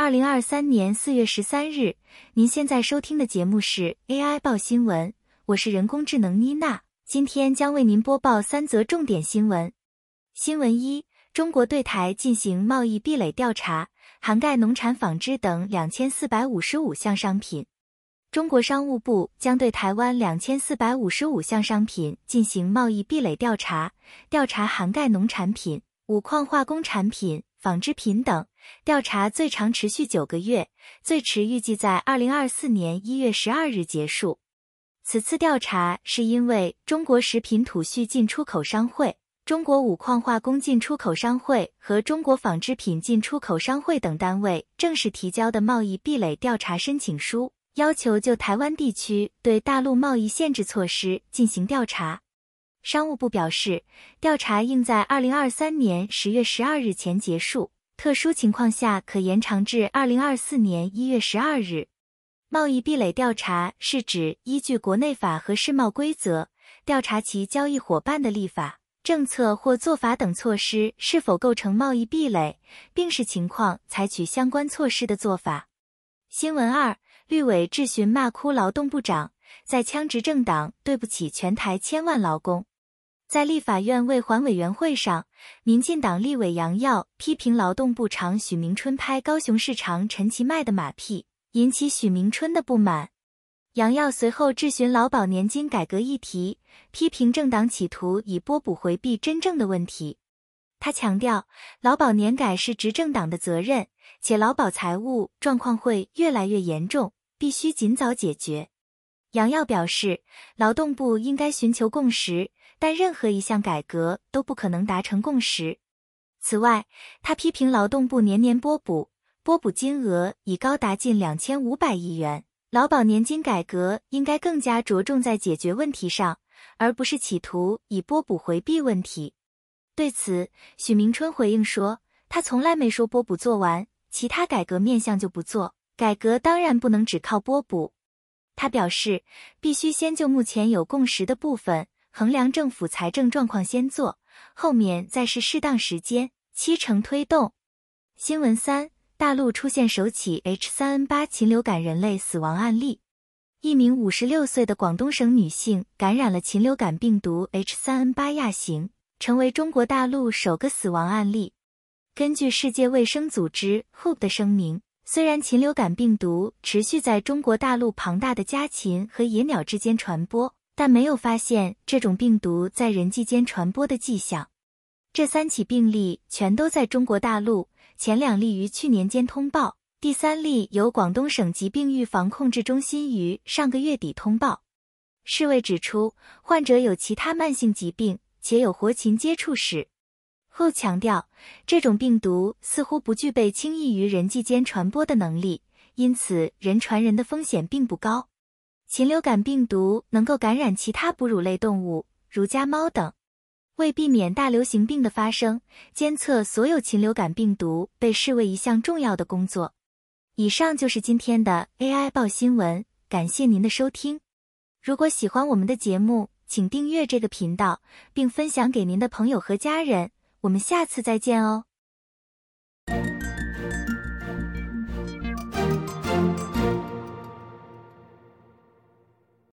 二零二三年四月十三日，您現在收聽的節目是 AI 報新聞，我是人工智能妮娜，今天將為您播報三則重點新聞。新聞一：中國對台進行貿易壁壘調查，涵蓋農產、紡織等兩千四百五十五項商品。中國商務部將對台灣兩千四百五十五項商品進行貿易壁壘調查，調查涵蓋農產品、五礦化工產品。紡織品等調查最長持續九個月，最遲預計在二零二四年一月十二日結束。此次調查是因為中國食品土畜進出口商會、中國五礦化工進出口商會和中國紡織品進出口商會等單位正式提交的貿易壁壘調查申請書，要求就台灣地區對大陸貿易限制措施進行調查。商務部表示，調查應在二零二三年十月十二日前結束，特殊情況下可延長至二零二四年一月十二日。貿易壁壘調查是指依據國內法和世貿規則，調查其交易夥伴的立法、政策或做法等措施是否構成貿易壁壘，並視情況採取相關措施的做法。新聞二：綠委質詢罵哭勞，勞動部長，在槍執政黨對不起全台千萬勞工。在立法院衛環委員會上，民進黨立委楊耀批評勞動部長許明春拍高雄市長陳其邁的馬屁，引起許明春的不滿。楊耀隨後質詢勞保年金改革議題，批評政黨企圖以撥補迴避真正的問題。他強調，勞保年改是執政黨的責任，且勞保財務狀況會越來越嚴重，必須盡早解決。楊耀表示，勞動部應該尋求共識，但任何一項改革都不可能達成共識。此外，他批評勞動部年年撥補，撥補金額已高達近兩千五百億元。勞保年金改革應該更加着重在解決問題上，而不是企圖以撥補回避問題。對此，許明春回應說：“他從來沒說撥補做完，其他改革面向就不做。改革當然不能只靠撥補。”他表示，必須先就目前有共識的部分衡量政府財政狀況，先做，後面再是適當時間七成推動。新聞三：大陸出現首起 H3N8 禽流感人類死亡案例，一名五十六歲的廣東省女性感染了禽流感病毒 H3N8 亞型，成為中國大陸首個死亡案例。根據世界衛生組織 WHO 的聲明。雖然禽流感病毒持續在中國大陸龐大的家禽和野鳥之間傳播，但沒有發現這種病毒在人際間傳播的跡象。這三起病例全都在中國大陸，前兩例於去年間通報，第三例由廣東省疾病預防控制中心於上個月底通報。世衛指出，患者有其他慢性疾病，且有活禽接觸史。後強調，這種病毒似乎不具備輕易於人際間傳播的能力，因此人傳人的風險並不高。禽流感病毒能夠感染其他哺乳類動物，如家貓等。為避免大流行病的發生，監測所有禽流感病毒被視為一項重要的工作。以上就是今天的 AI 報新聞，感謝您的收聽。如果喜歡我們的節目，請訂閱這個頻道，並分享給您的朋友和家人。我們下次再見哦。